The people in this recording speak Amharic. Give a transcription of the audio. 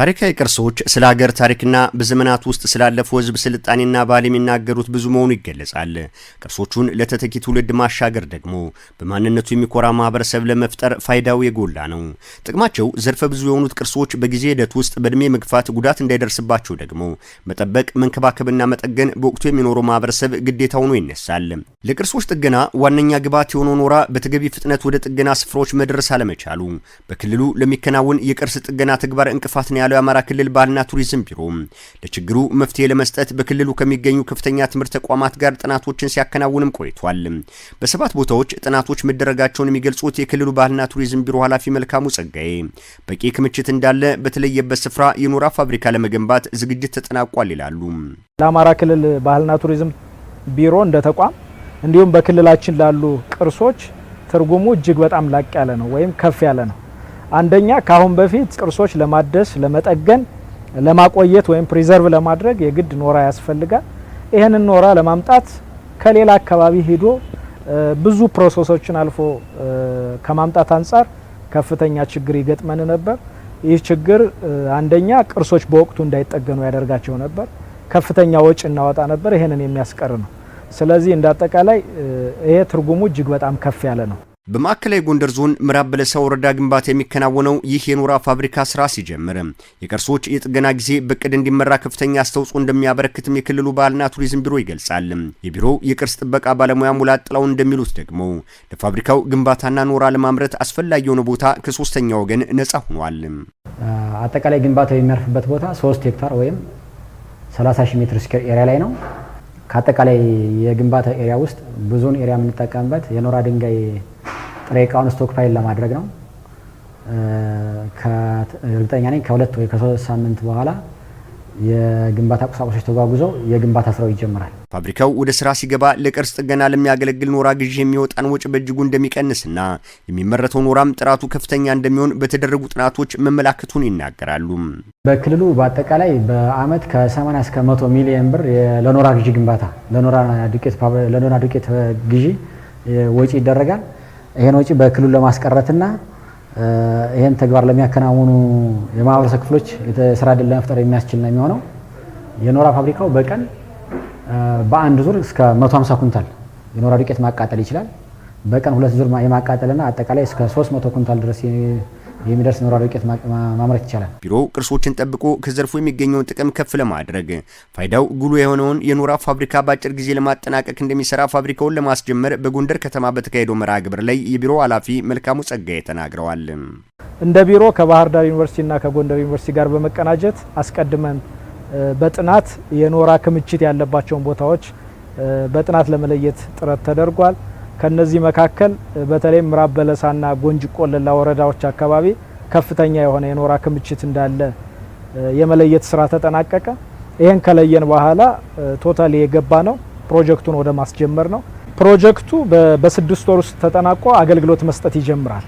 ታሪካዊ ቅርሶች ስለ ሀገር ታሪክና በዘመናት ውስጥ ስላለፉ ሕዝብ ስልጣኔና ባህል የሚናገሩት ብዙ መሆኑ ይገለጻል። ቅርሶቹን ለተተኪ ትውልድ ማሻገር ደግሞ በማንነቱ የሚኮራ ማህበረሰብ ለመፍጠር ፋይዳው የጎላ ነው። ጥቅማቸው ዘርፈ ብዙ የሆኑት ቅርሶች በጊዜ ሂደት ውስጥ በእድሜ መግፋት ጉዳት እንዳይደርስባቸው ደግሞ መጠበቅ፣ መንከባከብና መጠገን በወቅቱ የሚኖረው ማህበረሰብ ግዴታ ሆኖ ይነሳል። ለቅርሶች ጥገና ዋነኛ ግብዓት የሆነው ኖራ በተገቢ ፍጥነት ወደ ጥገና ስፍራዎች መድረስ አለመቻሉ በክልሉ ለሚከናወን የቅርስ ጥገና ተግባር እንቅፋት ነው ያለው የአማራ ክልል ባህልና ቱሪዝም ቢሮ ለችግሩ መፍትሄ ለመስጠት በክልሉ ከሚገኙ ከፍተኛ ትምህርት ተቋማት ጋር ጥናቶችን ሲያከናውንም ቆይቷል። በሰባት ቦታዎች ጥናቶች መደረጋቸውን የሚገልጹት የክልሉ ባህልና ቱሪዝም ቢሮ ኃላፊ መልካሙ ጸጋዬ በቂ ክምችት እንዳለ በተለየበት ስፍራ የኖራ ፋብሪካ ለመገንባት ዝግጅት ተጠናቋል ይላሉ። ለአማራ ክልል ባህልና ቱሪዝም ቢሮ እንደ ተቋም እንዲሁም በክልላችን ላሉ ቅርሶች ትርጉሙ እጅግ በጣም ላቅ ያለ ነው ወይም ከፍ ያለ ነው። አንደኛ ከአሁን በፊት ቅርሶች ለማደስ፣ ለመጠገን፣ ለማቆየት ወይም ፕሪዘርቭ ለማድረግ የግድ ኖራ ያስፈልጋል። ይህንን ኖራ ለማምጣት ከሌላ አካባቢ ሄዶ ብዙ ፕሮሰሶችን አልፎ ከማምጣት አንጻር ከፍተኛ ችግር ይገጥመን ነበር። ይህ ችግር አንደኛ ቅርሶች በወቅቱ እንዳይጠገኑ ያደርጋቸው ነበር፣ ከፍተኛ ወጪ እናወጣ ነበር። ይህንን የሚያስቀር ነው። ስለዚህ እንዳጠቃላይ ይሄ ትርጉሙ እጅግ በጣም ከፍ ያለ ነው። በማዕከላዊ ጎንደር ዞን ምዕራብ በለሳ ወረዳ ግንባታ የሚከናወነው ይህ የኖራ ፋብሪካ ስራ ሲጀምር የቅርሶች የጥገና ጊዜ በቅድ እንዲመራ ከፍተኛ አስተዋጽኦ እንደሚያበረክትም የክልሉ ባህልና ቱሪዝም ቢሮ ይገልጻል። የቢሮው የቅርስ ጥበቃ ባለሙያ ሙላት ጥላው እንደሚሉት ደግሞ ለፋብሪካው ግንባታና ኖራ ለማምረት አስፈላጊ የሆነ ቦታ ከሶስተኛ ወገን ነጻ ሆኗል። አጠቃላይ ግንባታው የሚያርፍበት ቦታ 3 ሄክታር ወይም 30 ሺህ ሜትር ስኩዌር ኤሪያ ላይ ነው። ከአጠቃላይ የግንባታ ኤሪያ ውስጥ ብዙውን ኤሪያ የምንጠቀምበት የኖራ ድንጋይ ጥሬ እቃውን ስቶክ ፋይል ለማድረግ ነው። እርግጠኛ ነኝ ከሁለት ወይ ከሶስት ሳምንት በኋላ የግንባታ ቁሳቁሶች ተጓጉዘው የግንባታ ስራው ይጀምራል። ፋብሪካው ወደ ስራ ሲገባ ለቅርስ ጥገና ለሚያገለግል ኖራ ግዢ የሚወጣን ወጪ በእጅጉ እንደሚቀንስና የሚመረተው ኖራም ጥራቱ ከፍተኛ እንደሚሆን በተደረጉ ጥናቶች መመላከቱን ይናገራሉ። በክልሉ በአጠቃላይ በአመት ከ80 እስከ 100 ሚሊዮን ብር ለኖራ ግዢ ግንባታ ለኖራ ዱቄት ግዢ ወጪ ይደረጋል። ይህን ወጪ በክልሉ ለማስቀረትና ይህን ተግባር ለሚያከናውኑ የማህበረሰብ ክፍሎች የስራ ዕድል ለመፍጠር የሚያስችል ነው የሚሆነው። የኖራ ፋብሪካው በቀን በአንድ ዙር እስከ 150 ኩንታል የኖራ ዱቄት ማቃጠል ይችላል። በቀን ሁለት ዙር የማቃጠልና አጠቃላይ እስከ 300 ኩንታል ድረስ የሚደርስ ኖራ ዱቄት ማምረት ይቻላል። ቢሮው ቅርሶችን ጠብቆ ከዘርፉ የሚገኘውን ጥቅም ከፍ ለማድረግ ፋይዳው ጉሉ የሆነውን የኖራ ፋብሪካ በአጭር ጊዜ ለማጠናቀቅ እንደሚሰራ ፋብሪካውን ለማስጀመር በጎንደር ከተማ በተካሄደው መርሃ ግብር ላይ የቢሮ ኃላፊ መልካሙ ጸጋዬ ተናግረዋል። እንደ ቢሮ ከባህር ዳር ዩኒቨርሲቲና ከጎንደር ዩኒቨርሲቲ ጋር በመቀናጀት አስቀድመን በጥናት የኖራ ክምችት ያለባቸውን ቦታዎች በጥናት ለመለየት ጥረት ተደርጓል። ከነዚህ መካከል በተለይ ምራብ በለሳና ጎንጅ ቆለላ ወረዳዎች አካባቢ ከፍተኛ የሆነ የኖራ ክምችት እንዳለ የመለየት ስራ ተጠናቀቀ። ይህን ከለየን በኋላ ቶታል የገባ ነው ፕሮጀክቱን ወደ ማስጀመር ነው። ፕሮጀክቱ በስድስት ወር ውስጥ ተጠናቆ አገልግሎት መስጠት ይጀምራል።